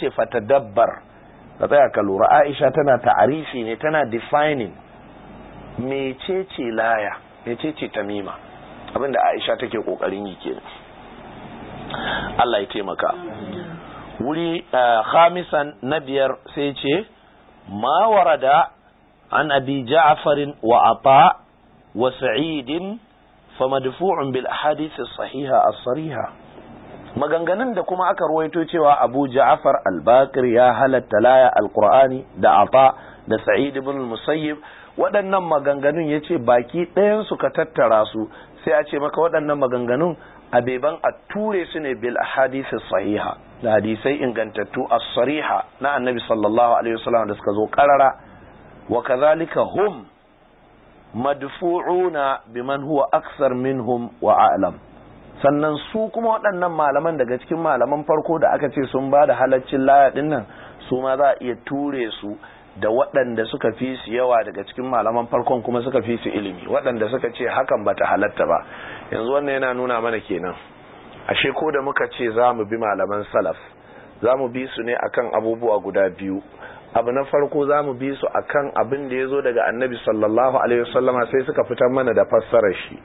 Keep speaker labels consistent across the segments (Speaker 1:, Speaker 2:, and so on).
Speaker 1: ce dabbar ka tsaya ka lura aisha tana ta'arifi ne tana defining mecece laya mecece tamima abinda aisha take kokarin yi ke Allah ya taimaka wuri eh, khamisan na biyar sai ce ma warada an abi ja'farin wa ata wa sa'idin fa madfu'un bil ahadith as-sahiha as-sariha maganganun da kuma aka ruwaito cewa Abu Ja'far al ya halatta laya al da afa da Sa'id ibn al-Musayyib waɗannan maganganun yace baki ɗayan su ka tattara su sai a ce maka waɗannan maganganun abeban a ture su ne bil ahadith sahiha da hadisai ingantattu as-sariha na Annabi sallallahu alaihi wasallam da suka zo karara wa kadhalika hum madfu'una biman huwa aksar minhum wa a'lam sannan su kuma waɗannan malaman daga cikin malaman farko da aka ce sun ba da halaccin layaɗin nan su ma za a iya ture su da waɗanda suka fi su yawa daga cikin malaman farkon kuma suka fi su ilimi waɗanda suka ce hakan ba ta halatta ba yanzu wannan yana nuna mana kenan ashe ko da muka ce za mu bi malaman salaf za mu bi su ne akan abubuwa guda biyu abu na farko za mu bi su akan abin da ya zo daga annabi sallallahu alaihi wasallama sai suka fitar mana da fassarar shi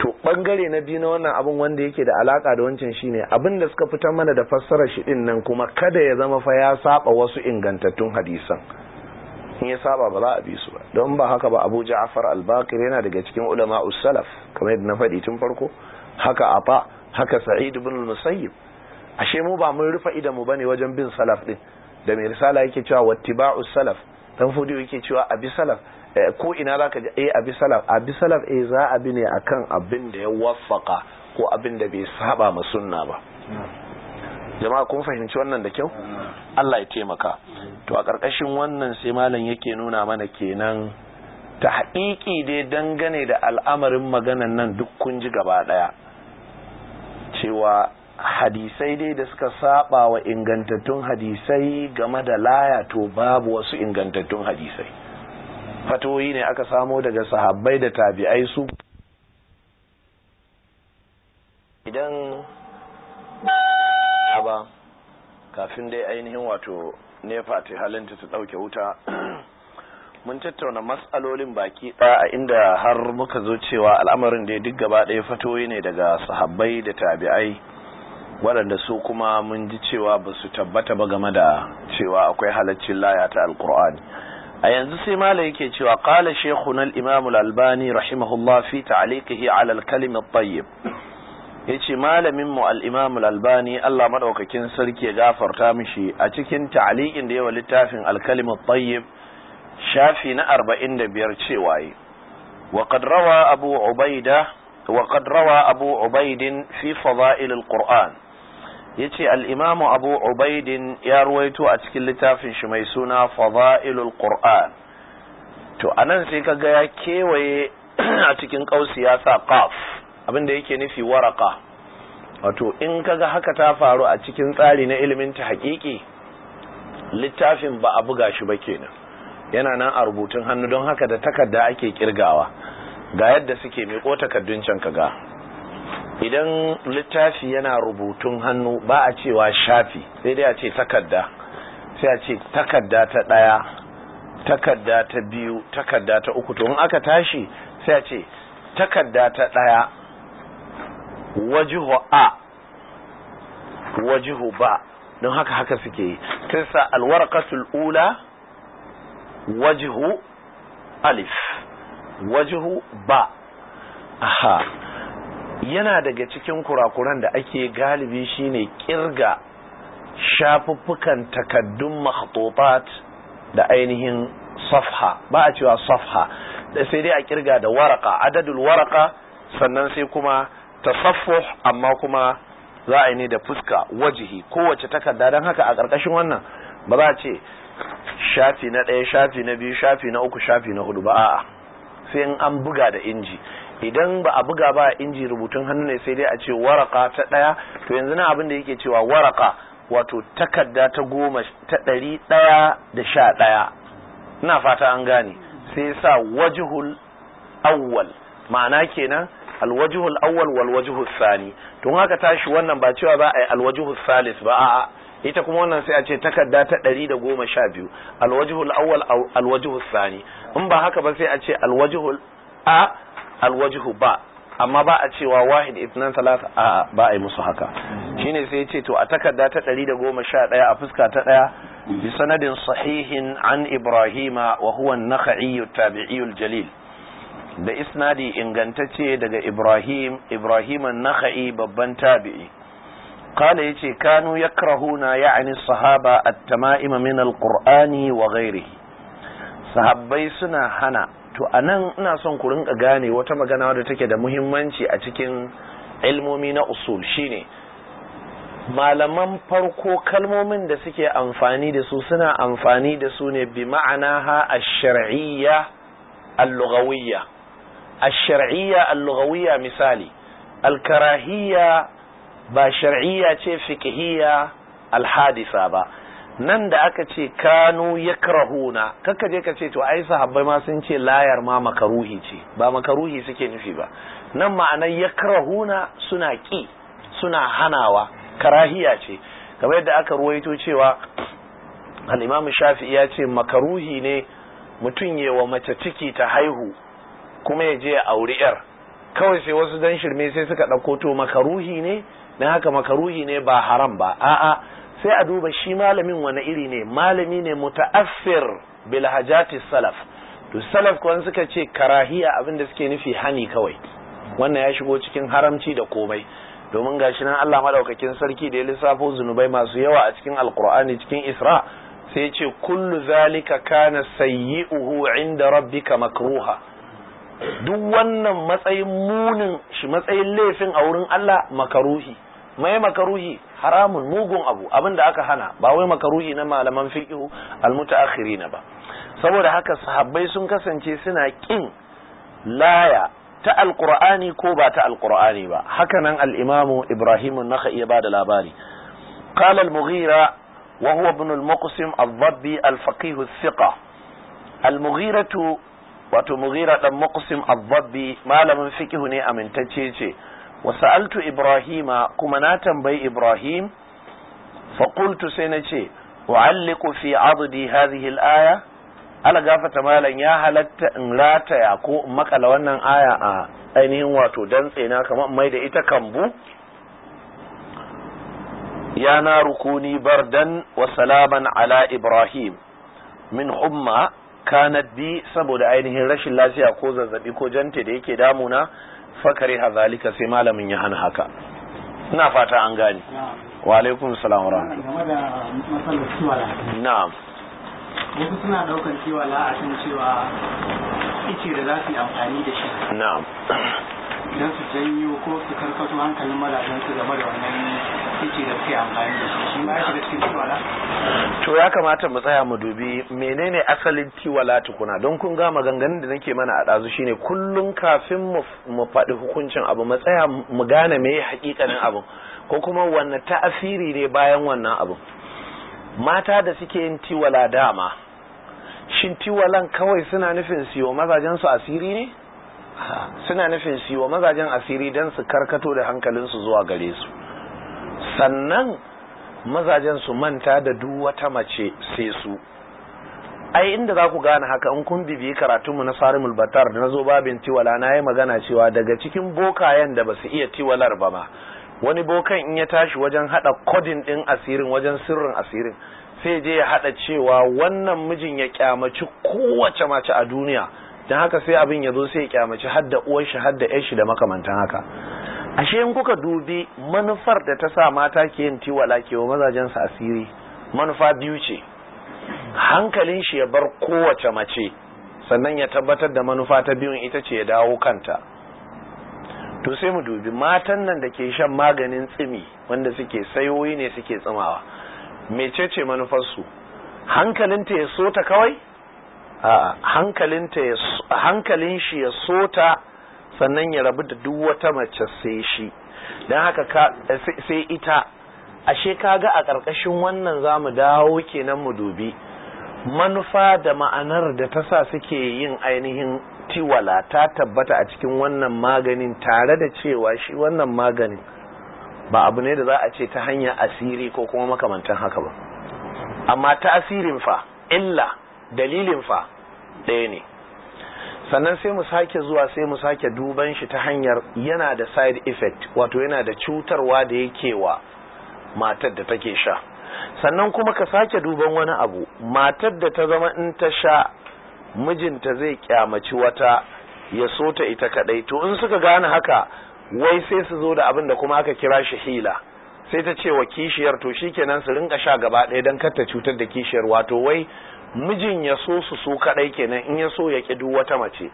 Speaker 1: to bangare na biyu na wannan abin wanda yake da alaka da wancan shine abin da suka fitar mana da fassarar shi din nan kuma kada ya zama fa ya saba wasu ingantattun hadisan in ya saba ba za a bi su ba don ba haka ba Abu Ja'far al-Baqir yana daga cikin ulama us-salaf kamar yadda na faɗi tun farko haka afa haka Sa'id ibn al-Musayyib ashe mu ba mun rufa idan mu bane wajen bin salaf din da mai risala yake cewa wattiba'us salaf dan fudi yake cewa abi salaf Eh, ko ina za ka ji e abi salaf abi salaf eh, za a bi ne akan abin da ya waffaka ko abin da bai saba ma sunna ba jama'a kun fahimci wannan da kyau Allah ya taimaka to a ƙarƙashin wannan sai malam yake nuna mana kenan ta haƙiƙi dai dangane da al'amarin maganan nan duk kun ji gaba ɗaya cewa hadisai dai da suka saba wa ingantattun hadisai game da laya to babu wasu ingantattun hadisai fatoyi ne aka samo daga sahabbai da tabi'ai su idan ba kafin dai ainihin wato nefa ta halinta ta dauke wuta mun tattauna matsalolin baki ɗaya a inda har muka zo cewa al'amarin da duk gaba ɗaya fatoyi ne daga sahabbai da tabi'ai waɗanda su kuma mun ji cewa ba su tabbata ba game da cewa akwai halaccin laya ta alkur'ani a yanzu sai Malam yake cewa qala shaykhuna al-imam al-albani rahimahullah fi ta'liqihi 'ala al-kalim at-tayyib yace malamin mu al-imam al-albani Allah madaukakin sarki ya gafarta mishi a cikin ta'liqin da yawa littafin al-kalim at-tayyib shafi na 45 cewa yi wa qad rawa abu ubaida wa qad rawa abu fi fada'il al-qur'an yace al-imam abu ubaidin ya ruwaito a cikin littafin shi mai suna fadailul qur'an to anan sai kaga ya kewaye a cikin kausi ya sa qaf abinda yake nufi waraka wato in kaga haka ta faru a cikin tsari na ilimin ta hakiki littafin ba a buga shi ba kenan yana nan a rubutun hannu don haka da takarda ake kirgawa ga yadda suke miƙo takardun can kaga idan littafi yana rubutun hannu ba a cewa shafi sai dai a ce takarda sai a ce takarda ta ɗaya takarda ta biyu takarda ta uku to in aka tashi sai a ce takarda ta ɗaya wajihu a wajihu ba don haka haka suke yi sa alwarkatul ula wajihu alif wajihu ba aha yana daga cikin kurakuran da ake galibi shine kirga shafuffukan takaddun makhtutat da ainihin safha ba a cewa safha sai dai a kirga da waraka adadul waraka sannan sai kuma tasaffuh amma kuma za a yi ne da fuska wajihi kowace takarda don haka a ƙarƙashin wannan ba za a ce shafi na ɗaya shafi na biyu shafi na uku shafi na hudu ba a'a sai in an buga da inji idan ba a buga ba inji rubutun hannu ne sai dai a ce waraka ta ɗaya to yanzu na abin da yake cewa waraka wato takarda ta goma ta ɗari ɗaya da sha ɗaya ina fata an gane sai sa wajihul awwal ma'ana kenan alwajihul awwal wal wajihul sani to haka tashi wannan ba cewa za a yi alwajihul salis ba a'a ita kuma wannan sai a ce takarda ta ɗari da goma sha biyu alwajihul awwal alwajihul sani in ba haka ba sai a ce alwajihul a alwajihu ba amma ba a cewa wahid itnan talata a ba a yi musu haka shi ne sai ya ce to a takarda ta ɗari da goma sha ɗaya a fuska ta ɗaya. bi sanadin sahihin an ibrahima wa huwa an tabi'iyul jalil da isnadi ingantacce daga ibrahim ibrahim an kai babban tabi'i قال يتي كانوا يكرهون يعني الصحابة التمائم من wa وغيره sahabbai suna hana to anan ina son ku rinka gane wata magana wadda take da muhimmanci a cikin ilmomi na usul shine malaman farko kalmomin da suke amfani da su suna amfani da su ne bi ma'ana ha a shariyya allugawiyya a ash allugawiyya misali alkarahiyya ba shari'iyya ce fikihiyya alhadisa ba nan da aka ce kanu karahuna kakka je ka ce to ai sahabbai ma sun ce layar ma makaruhi ce ba makaruhi suke nufi ba nan ma'anar ya karahuna suna ƙi, suna hanawa karahiya ce kamar yadda aka ruwaito cewa al'imamu shafi shafi'i ya ce makaruhi ne mutum ya wa mace ciki ta haihu kuma ya je ya auri yar kawai sai wasu dan shirme sai suka ɗauko to makaruhi ne na haka makaruhi ne ba haram ba a'a sai a duba shi malamin wani iri ne malami ne muta'affir bil hajati salaf to salaf kuwa suka ce karahiya abin da suke nufi hani kawai wannan ya shigo cikin haramci da komai domin gashi nan Allah madaukakin sarki da ya lissafo zunubai masu yawa a cikin alqur'ani cikin isra sai ce kullu zalika kana sayyi'uhu inda rabbika makruha duk wannan matsayin munin shi matsayin laifin a wurin Allah makaruhi mai makaruhi haramun mugun abu abinda aka hana ba wai makaruhi na malaman fiqhu almutaakhirina ba saboda haka sahabbai sun kasance suna kin laya ta alqur'ani ko ba ta alqur'ani ba haka nan al-imam Ibrahim an-Nakhai ya bada labari qala al-Mughira wa huwa ibn al-Muqsim al-Dhabbi al-faqih al-thiqa al wato Mughira dan Muqsim al-Dhabbi malamin fiqhu ne amintacce ce wasa'altu ibrahima kuma na tambayi ibrahim faƙultu sai na ce u'alliqu fi 'abdi hadhihi al-aya ala gafata malan ya halatta in rataya ko in makala wannan aya a ainihin wato dantse na kamar mai da ita kambu ya na rukuni bardan wa salaman ala ibrahim min humma kanat bi saboda ainihin rashin lafiya ko zazzabi ko jante da yake damuna fakari hazalika sai malamin ya hana haka ina fata an gane wa alaikum salam wa rahmatullahi na'am wasu suna ɗaukan cewa la'asin cewa ice da za su yi amfani da shi na'am don su janyo ko su karkato hankalin mazajen su game da wannan to ya kamata mu tsaya mu dubi menene asalin tiwala tukuna don kun ga maganganun da nake mana a ɗazu shine kullum kafin mu faɗi hukuncin abu mu tsaya mu gane me hakikanin abu ko kuma wanne ta'asiri ne bayan wannan abu mata da suke yin tiwala dama shin tiwalan kawai suna nufin siyo mazajen su asiri ne suna nufin siyo mazajen asiri don su karkato da hankalinsu zuwa gare su sannan mazajen su manta da duk wata mace sai su ai inda za ku gane haka in kun bibiyi karatunmu na sarimul batar da na zo babin tiwala na yi magana cewa daga cikin bokayen da ba su iya tiwalar ba ma wani bokan in ya tashi wajen hada kodin din asirin wajen sirrin asirin sai je ya hada cewa wannan mijin ya kyamaci kowace mace a duniya don haka sai abin ya zo sai ya kyamaci hadda uwar shi hadda yar shi da makamantan haka ashe in kuka dubi manufar da ta sa mata ke yin tiwala ke wa mazajen su asiri manufa biyu ce hankalin shi ya bar kowace mace sannan ya tabbatar da manufa ta biyun ita ce ya dawo kanta to sai mu dubi matan nan da ke shan maganin tsimi wanda suke sayoyi ne suke tsimawa mecece manufarsu hankalinta ya so ta kawai hankalin shi ya so ta. sannan ya rabu da duk wata mace sai shi don haka sai ita ashe kaga a ƙarƙashin wannan zamu dawo kenan mu dubi manufa da ma'anar da ta sa suke yin ainihin tiwala ta tabbata a cikin wannan maganin tare da cewa shi wannan maganin ba abu ne da za a ce ta hanyar asiri ko kuma makamantan haka ba amma ta asirin fa illa dalilin fa ɗaya ne sannan sai mu sake zuwa sai mu sake duban shi ta hanyar yana da side effect wato yana da cutarwa da yake wa matar da take sha sannan kuma ka sake duban wani abu matar da ta zama in ta sha mijinta zai kyamaci wata ya so ta ita kadai to in suka gane haka wai sai su zo da abin da kuma aka kira shi hila sai ta ce wa kishiyar to shi shikenan su rinka sha gaba ɗaya don kar ta cutar da kishiyar wato wai mijin ya so su su kadai kenan in ya so ya ki duk wata mace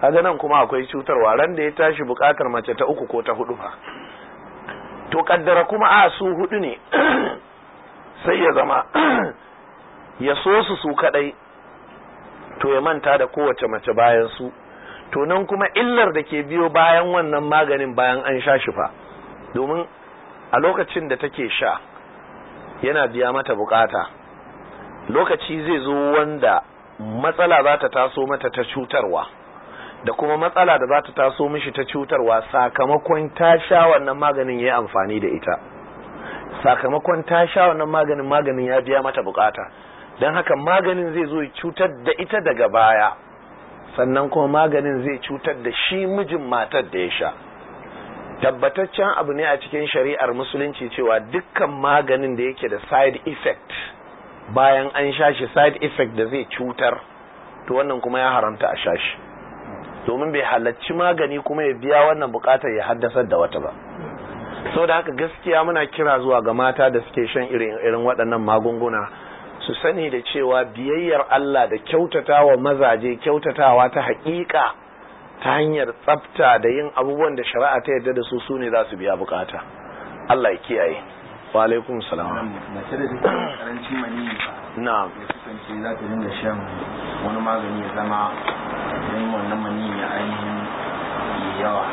Speaker 1: kaga nan kuma akwai cutarwa ran da ya tashi bukatar mace ta uku ko ta hudu fa to kaddara kuma a su hudu ne sai ya zama ya so su su kadai to ya manta da kowace mace bayan su to nan kuma illar da ke biyo bayan wannan maganin bayan an sha shi fa domin a lokacin da take sha yana biya mata bukata lokaci zai zo wanda matsala za ta taso mata ta cutarwa da kuma matsala da za ta taso mishi ta cutarwa sakamakon ta sha wannan maganin ya yi amfani da ita sakamakon ta sha wannan maganin maganin ya biya mata bukata don haka maganin zai zo cutar da ita daga baya sannan kuma maganin zai cutar da shi mijin matar da ya sha tabbataccen abu ne a cikin shari'ar musulunci cewa dukkan maganin da yake da side effect bayan an shashi side effect da zai cutar to wannan kuma ya haramta a shashi. domin bai halarci magani kuma ya biya wannan bukatar ya haddasar da wata ba sau da haka gaskiya muna kira zuwa ga mata da suke shan irin waɗannan magunguna su sani da cewa biyayyar Allah da kyautatawa mazaje kyautatawa ta haƙiƙa ta hanyar tsafta da yin abubuwan da shari'a ta yarda da su su ne za su biya bukata Allah ya kiyaye wa alaikum salam mace da take karancin mani na'am ya ce za ta dinga shan wani magani ya zama idan wannan mani ya ainihin yawa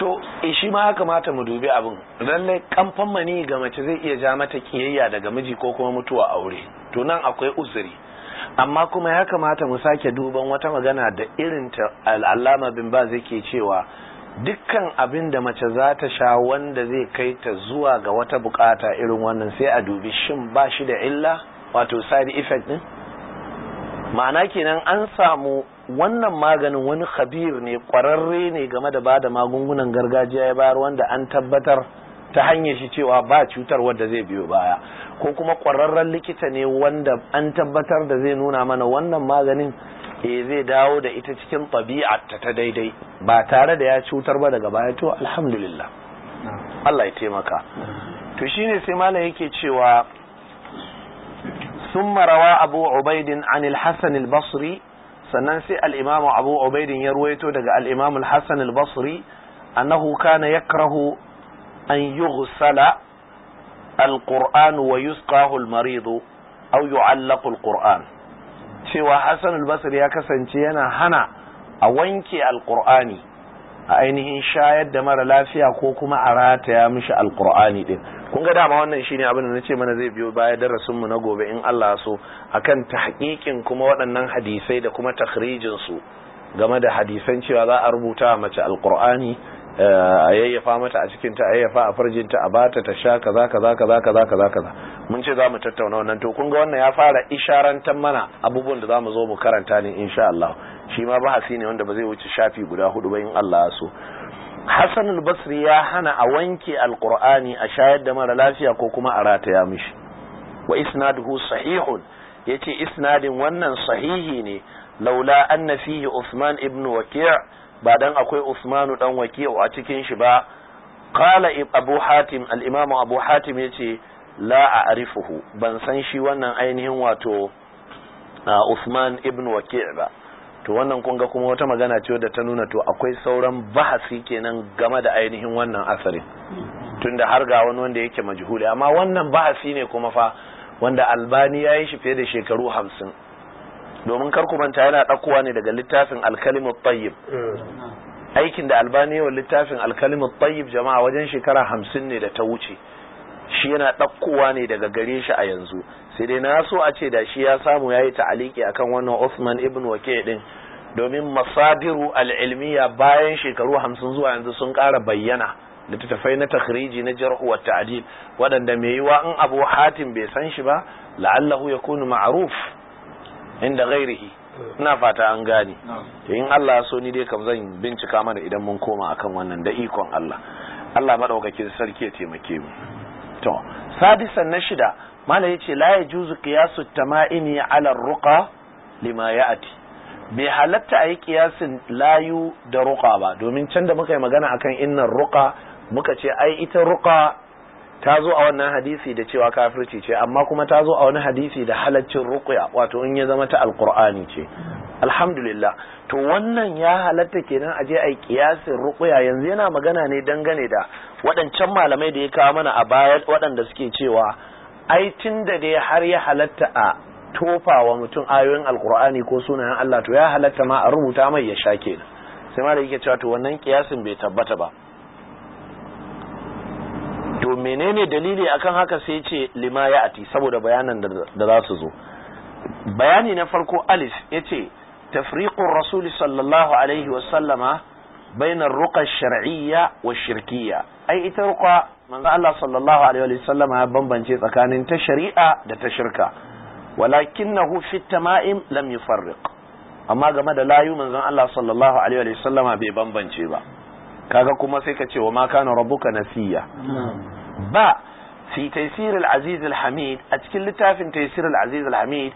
Speaker 1: to eh, shi ma ya kamata mu dubi abin lallai kamfan mani ga mace zai iya ja mata kiyayya daga miji ko kuma mutuwa aure to nan akwai uzuri amma kuma ya kamata mu sake duban wata magana da irin ta al'allama bin ba zai ke cewa dukkan abin da mace za ta sha wanda zai kai ta zuwa ga wata bukata irin wannan sai a dubi shin ba shi da illa wato side effect din ma'ana kenan an samu wannan maganin wani khabir ne kwararre ne game da bada magungunan gargajiya ya bayar wanda an tabbatar ta hanyar shi cewa ba cutar wadda zai biyo baya ko kuma kwararren likita ne wanda an tabbatar da zai nuna mana wannan maganin e zai dawo da ita cikin tabi'atta ta daidai ba tare da ya cutar ba daga baya to alhamdulillah Allah ya taimaka to shine sai malam yake cewa summa rawa abu ubaidin an al-hasan al-basri sannan sai al-imam abu ubaidin ya ruwaito daga al-imam al-hasan al-basri annahu kana yakrahu an yughsala al-qur'an wa yusqahu al-marid aw yu'allaqu al-qur'an cewa Hassan al-Basri ya kasance yana hana a wanke alkur'ani a ainihin shayar da mara lafiya ko kuma a rataya mishi alqur'ani din kun ga dama wannan shine abin da nace mana zai biyo baya darasin mu na gobe in Allah so akan tahqiqin kuma waɗannan hadisai da kuma takhrijin su game da hadisan cewa za a rubuta mace alkur'ani Eh, a yayyafa mata a cikin ta yayyafa a farjinta a bata ta sha kaza kaza kaza kaza kaza kaza mun ce zamu tattauna wannan to kun ga wannan ya fara isharantar mana abubuwan da za mu zo mu karanta ne insha Allah shi ma bahasi ne wanda ba zai wuce shafi guda hudu ba in Allah ya so Hassan al-Basri ya hana a wanke al al-Qur'ani a shayar da mara lafiya ko kuma a rataya mishi wa isnaduhu sahihun yace isnadin wannan sahihi ne laula anna fihi Usman ibn Waki' ba dan akwai Usmanu dan Waki' a cikin shi ba qala Abu Hatim al-Imam Abu Hatim yace la a'rifuhu ban san shi wannan ainihin wato Usman ibn Waki' ba to wannan kun ga kuma wata magana ce da ta nuna to akwai sauran bahasi kenan game da ainihin wannan asarin tunda har ga wani wanda yake majhuli amma wannan bahasi ne kuma fa wanda albani ya yi shi fiye da shekaru hamsin domin kar ku manta yana ɗakuwa ne daga littafin alkalimu tayyib eh. aikin da albani wa littafin alkalimu tayyib jama'a wajen shekara hamsin ne da ta wuce shi yana ɗakuwa ne daga gare shi a yanzu sai dai na so a ce da shi ya samu ya yi ta'aliki akan wannan Usman ibn Wake din domin masadiru al'ilmiya bayan shekaru hamsin zuwa yanzu sun kara bayyana littattafai na takhriji na jar'u wa ta'dil waɗanda mai yiwa in Abu Hatim bai san shi ba la'allahu yakunu ma'ruf inda gairihi ina fata an gane to in Allah so ni dai kam zan bincika mana idan mun koma akan wannan da ikon Allah Allah madaukakin sarki ya taimake mu to sadisan na shida mala yace la yajuzu qiyasu tama'imi ala ruqa lima ya'ati bai halatta ayi qiyasin layu da ruqa ba domin can da muka yi magana akan innan ruqa muka ce ai ita ruqa ta zo a wannan hadisi da cewa kafirci ce amma kuma ta zo a wani hadisi da halaccin ruqya wato in ya zama ta alqur'ani ce alhamdulillah to wannan ya halatta kenan a je a yi kiyasin ruqya yanzu yana magana ne dangane da waɗancan malamai da ya kawo mana a baya waɗanda suke cewa ai tun da dai har ya halatta a tofa wa mutum ayoyin alqur'ani ko sunayen Allah to ya halatta ma a rubuta mai ya sha kenan sai ma yake cewa to wannan kiyasin bai tabbata ba menene dalili akan haka sai ce lima ya ati saboda bayanan da za su zo bayani na farko alif ya ce tafriqun rasuli sallallahu alaihi wasallama bainar ruqa shar'iyya wa shirkiya. ai ita ruqa manzo Allah sallallahu alaihi wasallama ya bambance tsakanin ta shari'a da ta shirka walakinahu fi tama'im lam yufarriq amma game da layu manzon Allah sallallahu alaihi wasallama bai bambance ba kaga kuma sai ka ce wa ma kana rabbuka nasiya باء في تيسير العزيز الحميد أتكلتا في تيسير العزيز الحميد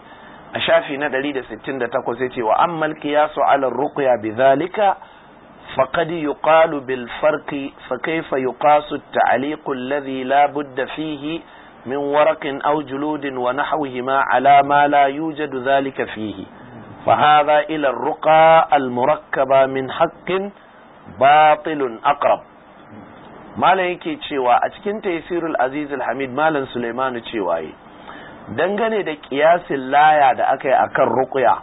Speaker 1: أشافي ندلي دا ستين دا تقوزيتي وأما القياس على الرقية بذلك فقد يقال بالفرق فكيف يقاس التعليق الذي لا بد فيه من ورق أو جلود ونحوهما على ما لا يوجد ذلك فيه فهذا إلى الرقى المركبة من حق باطل أقرب malam yake cewa a cikin tafsirul aziz hamid malam sulaimanu cewa yi dangane da kiyasin laya da aka yi a akan ruqya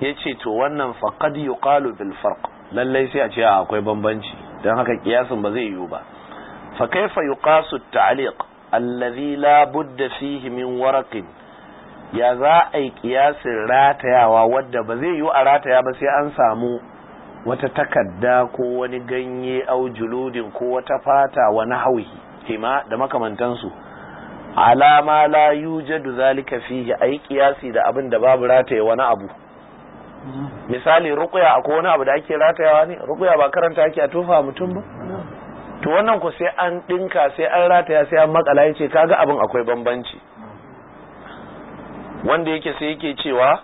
Speaker 1: yace to wannan faqad yuqalu bil farq lallai sai a ce akwai bambanci don haka kiyasin ba zai yiwu ba fa kaifa yuqasu at-ta'liq alladhi la budda fihi min waraqin ya za a yi kiyasin ratayawa wadda ba zai yiwu a rataya ba sai an samu wata takadda ko wani ganye au juludin ko wata fata wani hauhi hima da makamantansu alama la yujadu zalika fihi ayi kiyasi da abin da babu rataye wani abu misali ruqya akwai wani abu da ake ratayawa ne ruqya ba karanta ake a tofa mutum ba to wannan ku sai an dinka sai an rataya sai an makala yace kaga abin akwai bambanci wanda yake sai yake cewa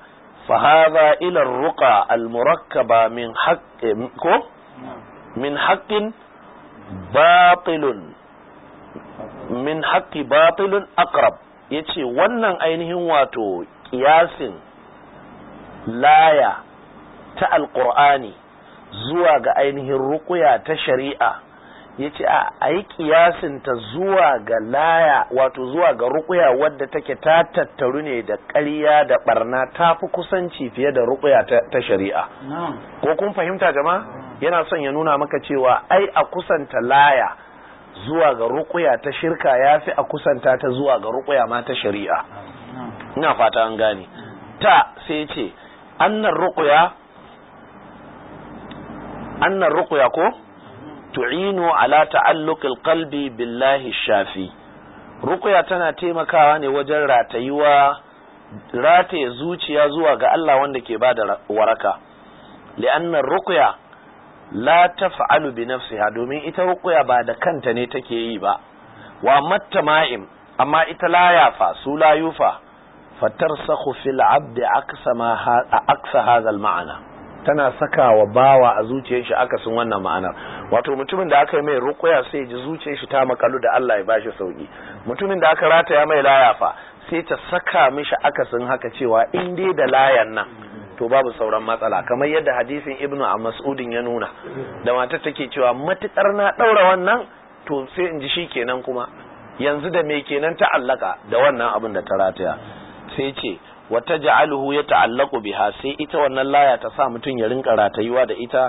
Speaker 1: فهذا ilar ruƙa المركبة من حق من حق باطل min haƙƙi batilun akrab ya wannan ainihin wato ƙiyasin laya ta alƙur'ani zuwa ga ainihin rukuya ta shari'a ya ce a ayi kiyasinta zuwa ga laya wato zuwa ga rukuya wadda take ta tattaru ne da ƙarya da barna ta fi kusanci fiye da rukuya ta shari'a ko kun fahimta jama'a yana son ya nuna maka cewa ai a kusanta laya zuwa ga rukuya ta shirka ya fi a kusanta ta zuwa ga rukuya ma ta shari'a ina fata an gane ta sai ce annan rukuya annan rukuya ko tu'inu ala ta'alluqil qalbi billahi shafi ruqya tana taimakawa ne wajen ratayuwa rataye zuciya zuwa ga Allah wanda ke bada waraka li'anna ruqya la taf'alu bi nafsiha domin ita ruqya ba da kanta ne take yi ba wa mattama'im amma ita la yafa su la yufa fatarsakhu fil 'abdi aksa ma aksa hadha al ma'ana tana saka wa bawa a zuciyar shi akasin wannan ma'anar wato mutumin da aka yi mai rukuya sai ji zuciyar shi ta makalu da Allah ya bashi sauki mutumin da aka rataya mai layafa sai ta saka mishi akasin haka cewa in dai da layan nan to babu sauran matsala kamar yadda hadisin ibnu a mas'udin ya nuna da matar take cewa matukar na daura wannan to sai in ji shi kenan kuma yanzu da me kenan ta allaka da wannan abin da ta rataya sai ce wata ja'aluhu ya ta'allaku biha sai ita wannan laya ta sa mutum ya rinka ratayuwa da ita